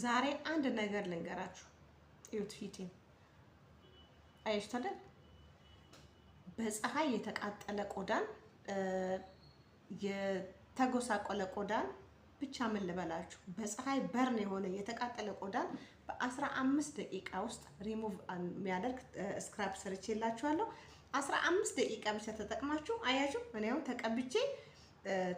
ዛሬ አንድ ነገር ልንገራችሁ። እዩት ፊቴን አያችሁታል። በፀሐይ የተቃጠለ ቆዳን የተጎሳቆለ ቆዳን ብቻ ምን ልበላችሁ፣ በፀሐይ በርን የሆነ የተቃጠለ ቆዳን በ15 ደቂቃ ውስጥ ሪሙቭ የሚያደርግ ስክራፕ ሰርቼላችኋለሁ። 15 ደቂቃ ብቻ ተጠቅማችሁ አያችሁ። እኔ ተቀብቼ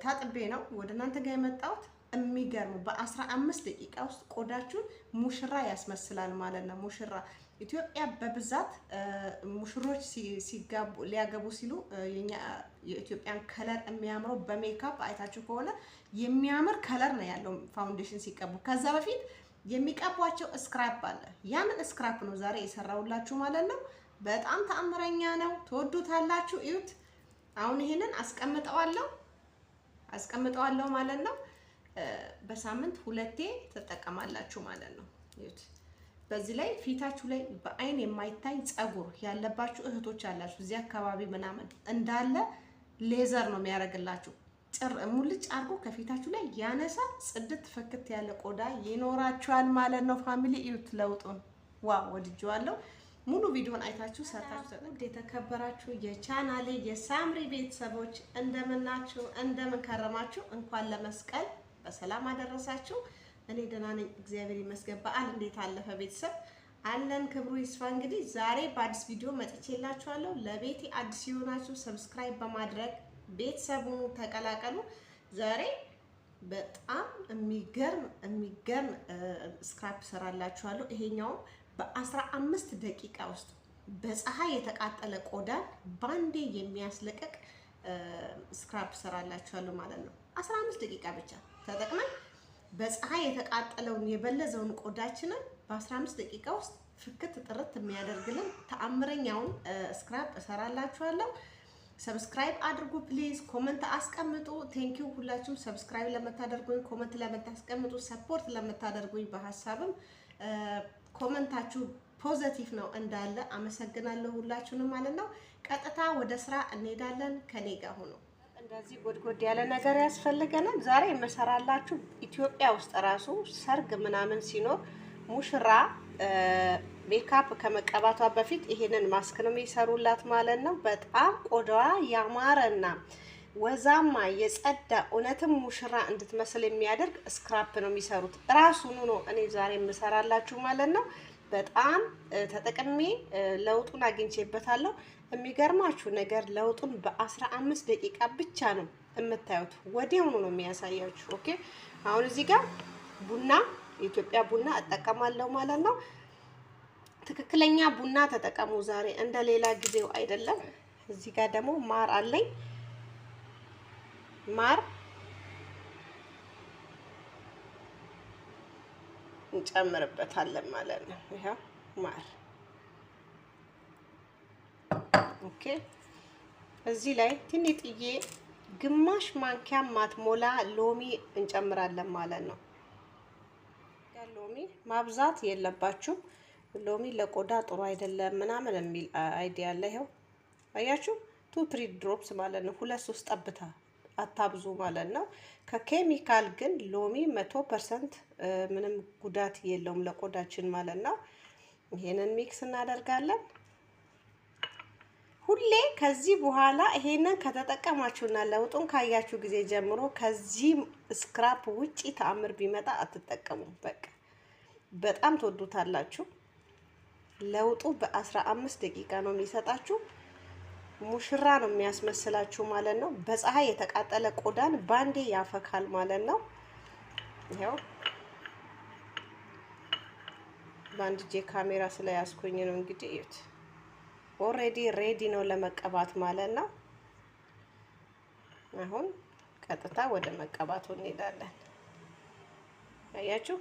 ታጥቤ ነው ወደ እናንተ ጋር የመጣሁት። የሚገርም በአስራ አምስት ደቂቃ ውስጥ ቆዳችሁን ሙሽራ ያስመስላል ማለት ነው። ሙሽራ ኢትዮጵያ በብዛት ሙሽሮች ሲጋቡ ሊያገቡ ሲሉ የኛ የኢትዮጵያን ከለር የሚያምረው በሜካፕ አይታችሁ ከሆነ የሚያምር ከለር ነው ያለው ፋውንዴሽን ሲቀቡ። ከዛ በፊት የሚቀቧቸው እስክራፕ አለ። ያንን እስክራፕ ነው ዛሬ የሰራውላችሁ ማለት ነው። በጣም ተአምረኛ ነው። ትወዱታላችሁ። እዩት። አሁን ይሄንን አስቀምጠዋለሁ አስቀምጠዋለሁ ማለት ነው። በሳምንት ሁለቴ ትጠቀማላችሁ ማለት ነው። በዚህ ላይ ፊታችሁ ላይ በአይን የማይታይ ጸጉር ያለባችሁ እህቶች አላችሁ፣ እዚህ አካባቢ ምናምን እንዳለ ሌዘር ነው የሚያደርግላችሁ። ጭር ሙልጭ አድርጎ ከፊታችሁ ላይ ያነሳ፣ ጽድት ፍክት ያለ ቆዳ ይኖራችኋል ማለት ነው። ፋሚሊ እዩት ለውጡን። ዋ ወድጀዋለሁ። ሙሉ ቪዲዮን አይታችሁ ሰርታችሁ ውድ የተከበራችሁ የቻናሌ የሳምሪ ቤተሰቦች እንደምናችሁ እንደምንከረማችሁ እንኳን ለመስቀል በሰላም አደረሳችሁ። እኔ ደህና ነኝ፣ እግዚአብሔር ይመስገን። በዓል እንዴት አለፈ ቤተሰብ? አለን ክብሩ ይስፋ። እንግዲህ ዛሬ በአዲስ ቪዲዮ መጥቼላችኋለሁ። ለቤቴ አዲስ የሆናችሁ ሰብስክራይብ በማድረግ ቤተሰቡ ተቀላቀሉ። ዛሬ በጣም የሚገርም የሚገርም ስክራፕ ሰራላችኋለሁ። ይሄኛውም በ15 ደቂቃ ውስጥ በፀሐይ የተቃጠለ ቆዳን ባንዴ የሚያስለቀቅ ስክራፕ ሰራላችኋለሁ ማለት ነው። 15 ደቂቃ ብቻ ተጠቅመን በፀሐይ የተቃጠለውን የበለዘውን ቆዳችንን በ15 ደቂቃ ውስጥ ፍክት ጥርት የሚያደርግልን ተአምረኛውን ስክራፕ እሰራላችኋለሁ። ሰብስክራይብ አድርጉ ፕሊዝ፣ ኮመንት አስቀምጡ። ቴንኪው ሁላችሁም ሰብስክራይብ ለምታደርጉኝ፣ ኮመንት ለምታስቀምጡ፣ ሰፖርት ለምታደርጉኝ፣ በሀሳብም ኮመንታችሁ ፖዘቲቭ ነው እንዳለ አመሰግናለሁ ሁላችሁንም ማለት ነው። ቀጥታ ወደ ስራ እንሄዳለን። ከኔ ጋር ሁኑ። እንደዚህ ጎድጎድ ያለ ነገር ያስፈልገናል። ዛሬ የምሰራላችሁ ኢትዮጵያ ውስጥ ራሱ ሰርግ ምናምን ሲኖር ሙሽራ ሜካፕ ከመቀባቷ በፊት ይሄንን ማስክ ነው የሚሰሩላት ማለት ነው። በጣም ቆዳዋ ያማረና ወዛማ የጸዳ እውነትም ሙሽራ እንድትመስል የሚያደርግ ስክራፕ ነው የሚሰሩት። ራሱኑ ነው እኔ ዛሬ የምሰራላችሁ ማለት ነው። በጣም ተጠቅሜ ለውጡን አግኝቼበታለሁ። የሚገርማችሁ ነገር ለውጡን በአስራ አምስት ደቂቃ ብቻ ነው የምታዩት። ወዲያውኑ ነው የሚያሳያችሁ። ኦኬ አሁን እዚህ ጋር ቡና የኢትዮጵያ ቡና እጠቀማለሁ ማለት ነው። ትክክለኛ ቡና ተጠቀሙ። ዛሬ እንደ ሌላ ጊዜው አይደለም። እዚህ ጋር ደግሞ ማር አለኝ። ማር እንጨምርበታለን ማለት ነው። ይኸው ማር ኦኬ። እዚህ ላይ ትንጥዬ ግማሽ ማንኪያ ማትሞላ ሎሚ እንጨምራለን ማለት ነው። ሎሚ ማብዛት የለባችሁ። ሎሚ ለቆዳ ጥሩ አይደለም ምናምን የሚል አይዲያ አለ። ይኸው አያችሁ፣ ቱ ትሪ ድሮፕስ ማለት ነው። ሁለት ሶስት ጠብታ አታብዙ ማለት ነው። ከኬሚካል ግን ሎሚ መቶ ፐርሰንት ምንም ጉዳት የለውም ለቆዳችን ማለት ነው። ይሄንን ሚክስ እናደርጋለን። ሁሌ ከዚህ በኋላ ይሄንን ከተጠቀማችሁና ለውጡን ካያችሁ ጊዜ ጀምሮ ከዚህ ስክራፕ ውጪ ተአምር ቢመጣ አትጠቀሙም። በቃ በጣም ትወዱታላችሁ። ለውጡ በ15 ደቂቃ ነው የሚሰጣችሁ። ሙሽራ ነው የሚያስመስላችሁ ማለት ነው። በፀሐይ የተቃጠለ ቆዳን ባንዴ ያፈካል ማለት ነው። ይኸው በአንድ እጄ ካሜራ ስለያዝኩኝ ነው እንግዲህ እዩት። ኦሬዲ ሬዲ ነው ለመቀባት ማለት ነው። አሁን ቀጥታ ወደ መቀባቱ እንሄዳለን። አያችሁ፣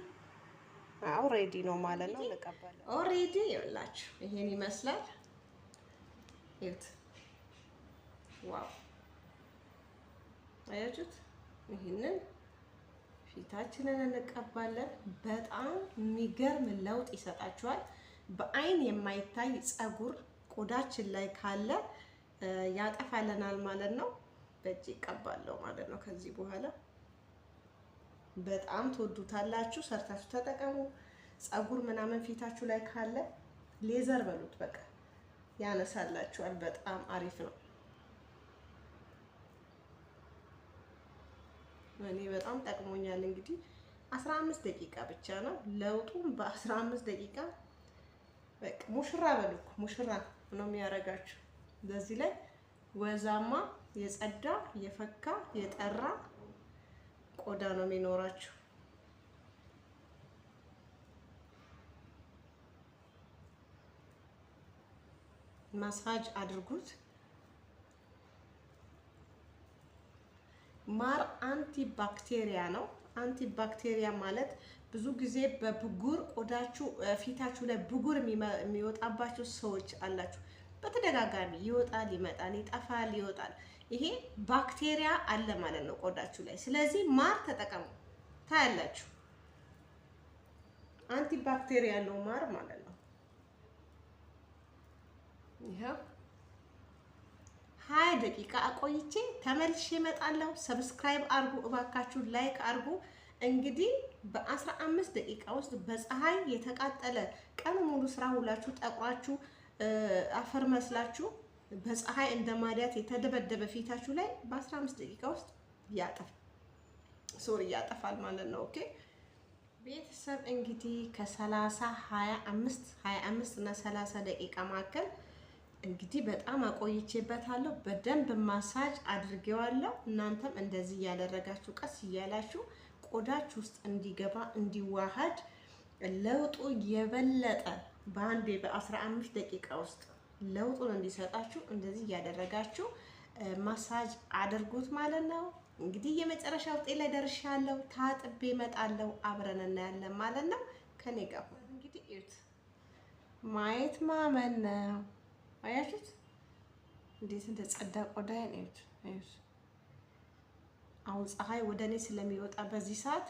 አው ሬዲ ነው ማለት ነው። እንቀባለን። ኦሬዲ ይኸውላችሁ፣ ይሄን ይመስላል። ይት ዋው! አያችሁት? ይሄንን ፊታችንን እንቀባለን። በጣም የሚገርም ለውጥ ይሰጣችኋል። በአይን የማይታይ ጸጉር ቆዳችን ላይ ካለ ያጠፋልናል ማለት ነው። በእጅ ይቀባለው ማለት ነው። ከዚህ በኋላ በጣም ትወዱታላችሁ። ሰርታችሁ ተጠቀሙ። ፀጉር ምናምን ፊታችሁ ላይ ካለ ሌዘር በሉት፣ በቃ ያነሳላችኋል። በጣም አሪፍ ነው። እኔ በጣም ጠቅሞኛል። እንግዲህ 15 ደቂቃ ብቻ ነው ለውጡም፣ በ15 ደቂቃ በቃ ሙሽራ በሉ ሙሽራ ነው የሚያደርጋችሁ። በዚህ ላይ ወዛማ የጸዳ የፈካ የጠራ ቆዳ ነው የሚኖራችሁ። ማሳጅ አድርጉት። ማር አንቲ ባክቴሪያ ነው። አንቲ ባክቴሪያ ማለት ብዙ ጊዜ በብጉር ቆዳችሁ ፊታችሁ ላይ ብጉር የሚወጣባችሁ ሰዎች አላችሁ። በተደጋጋሚ ይወጣል፣ ይመጣል፣ ይጠፋል፣ ይወጣል። ይሄ ባክቴሪያ አለ ማለት ነው ቆዳችሁ ላይ። ስለዚህ ማር ተጠቀሙ፣ ታያላችሁ። አንቲ ባክቴሪያ ነው ማር ማለት ነው። ይኸው ሀያ ደቂቃ አቆይቼ ተመልሼ እመጣለሁ። ሰብስክራይብ አርጉ እባካችሁ፣ ላይክ አርጉ። እንግዲህ በ15 ደቂቃ ውስጥ በፀሐይ የተቃጠለ ቀን ሙሉ ስራ ውላችሁ ጠቁራችሁ አፈር መስላችሁ በፀሐይ እንደ ማዲያት የተደበደበ ፊታችሁ ላይ በ15 ደቂቃ ውስጥ ያጠፍ ሶሪ ያጠፋል ማለት ነው። ኦኬ ቤተሰብ እንግዲህ ከ30 25 25 እና 30 ደቂቃ መካከል እንግዲህ በጣም አቆይቼበታለሁ። በደንብ ማሳጅ አድርጌዋለሁ። እናንተም እንደዚህ ያደረጋችሁ ቀስ እያላችሁ ቆዳች ውስጥ እንዲገባ እንዲዋሃድ ለውጡ የበለጠ በአንዴ በ15 ደቂቃ ውስጥ ለውጡን እንዲሰጣችሁ እንደዚህ እያደረጋችሁ ማሳጅ አድርጉት ማለት ነው። እንግዲህ የመጨረሻ ውጤት ላይ ደርሻለሁ። ታጥቤ እመጣለሁ። አብረን እናያለን ማለት ነው። ከኔ ጋር እንግዲህ እዩት። ማየት ማመን ነው። አያችሁት እንዴት እንደ እንደጸዳ ቆዳዬን እዩት። አሁን ፀሐይ ወደ እኔ ስለሚወጣ በዚህ ሰዓት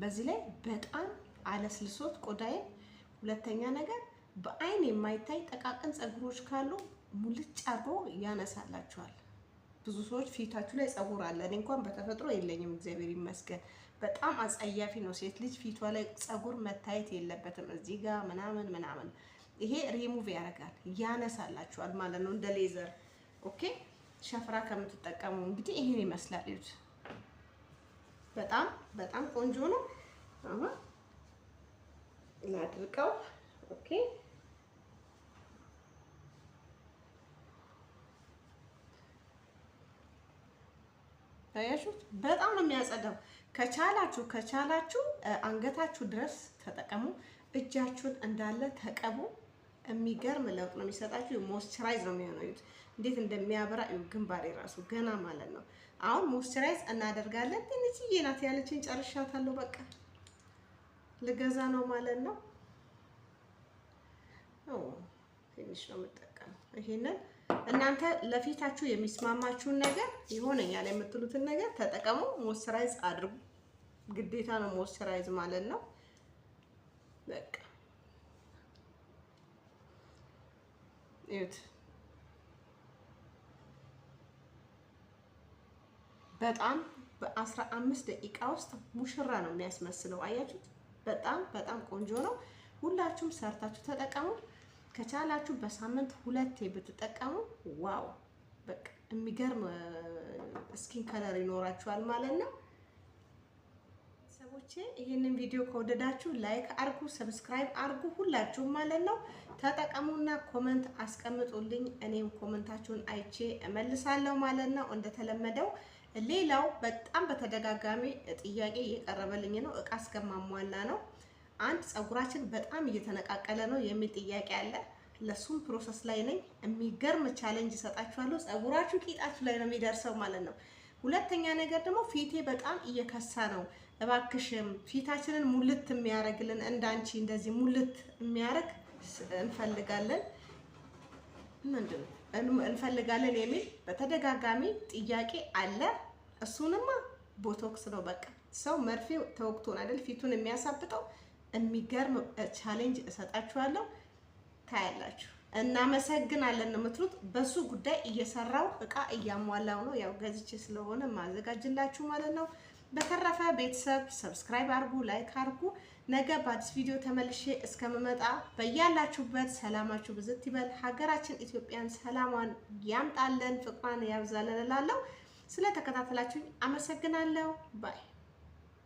በዚህ ላይ በጣም አለስልሶት ቆዳዬ። ሁለተኛ ነገር በአይን የማይታይ ጠቃቅን ፀጉሮች ካሉ ሙልጭ አድርጎ ያነሳላቸዋል። ብዙ ሰዎች ፊታችሁ ላይ ፀጉር አለ። እኔ እንኳን በተፈጥሮ የለኝም እግዚአብሔር ይመስገን። በጣም አጸያፊ ነው። ሴት ልጅ ፊቷ ላይ ፀጉር መታየት የለበትም። እዚህ ጋር ምናምን ምናምን፣ ይሄ ሪሙቭ ያደርጋል ያነሳላችኋል ማለት ነው እንደ ሌዘር ኦኬ። ሸፍራ ከምትጠቀሙ እንግዲህ ይሄን ይመስላል። ይሁት በጣም በጣም ቆንጆ ነው። አሁን ላድርቀው። ኦኬ ታያችሁት። በጣም ነው የሚያጸዳው። ከቻላችሁ ከቻላችሁ አንገታችሁ ድረስ ተጠቀሙ። እጃችሁን እንዳለ ተቀቡ። የሚገርም ለውጥ ነው የሚሰጣችሁ። ሞይስቸራይዝ ነው የሚሆነው። እንዴት እንደሚያበራ እዩ። ግንባሬ ራሱ ገና ማለት ነው። አሁን ሞይስቸራይዝ እናደርጋለን። ትንሽዬ ናት ያለችን ጨርሻታለሁ። በቃ ልገዛ ነው ማለት ነው። ትንሽ ነው የምጠቀመው። ይሄንን እናንተ ለፊታችሁ የሚስማማችሁን ነገር ይሆነኛል የምትሉትን ነገር ተጠቀሙ። ሞይስቸራይዝ አድርጉ። ግዴታ ነው ሞይስቸራይዝ ማለት ነው። በቃ ይኸውት በጣም በአስራ አምስት ደቂቃ ውስጥ ሙሽራ ነው የሚያስመስለው። አያችሁት? በጣም በጣም ቆንጆ ነው። ሁላችሁም ሰርታችሁ ተጠቀሙ። ከቻላችሁ በሳምንት ሁለቴ ብትጠቀሙ ዋው! በቃ የሚገርም ስኪን ከለር ይኖራችኋል ማለት ነው። ሰዎቼ ይህንን ቪዲዮ ከወደዳችሁ ላይክ አርጉ፣ ሰብስክራይብ አርጉ፣ ሁላችሁም ማለት ነው። ተጠቀሙና ኮመንት አስቀምጡልኝ። እኔም ኮመንታችሁን አይቼ እመልሳለሁ ማለት ነው እንደተለመደው ሌላው በጣም በተደጋጋሚ ጥያቄ እየቀረበልኝ ነው። እቃ እስከማሟላ ነው። አንድ ፀጉራችን በጣም እየተነቃቀለ ነው የሚል ጥያቄ አለ። ለሱም ፕሮሰስ ላይ ነኝ። የሚገርም ቻሌንጅ እሰጣችኋለሁ። ፀጉራችሁ ቂጣችሁ ላይ ነው የሚደርሰው ማለት ነው። ሁለተኛ ነገር ደግሞ ፊቴ በጣም እየከሳ ነው፣ እባክሽም ፊታችንን ሙልት የሚያደርግልን እንዳንቺ እንደዚህ ሙልት የሚያደርግ እንፈልጋለን ምንድነው እንፈልጋለን የሚል በተደጋጋሚ ጥያቄ አለ። እሱንማ ቦቶክስ ነው በቃ። ሰው መርፌ ተወግቶን አይደል ፊቱን የሚያሳብጠው። የሚገርም ቻሌንጅ እሰጣችኋለሁ፣ ታያላችሁ። እናመሰግናለን ነው የምትሉት። በሱ ጉዳይ እየሰራው እቃ እያሟላው ነው። ያው ገዝቼ ስለሆነ ማዘጋጅላችሁ ማለት ነው። በተረፈ ቤተሰብ ሰብስክራይብ አርጉ፣ ላይክ አርጉ። ነገ በአዲስ ቪዲዮ ተመልሼ እስከምመጣ በያላችሁበት ሰላማችሁ ብዝት ይበል። ሀገራችን ኢትዮጵያን ሰላሟን ያምጣልን፣ ፍቅሯን ያብዛለን እላለሁ። ስለተከታተላችሁኝ አመሰግናለሁ ባይ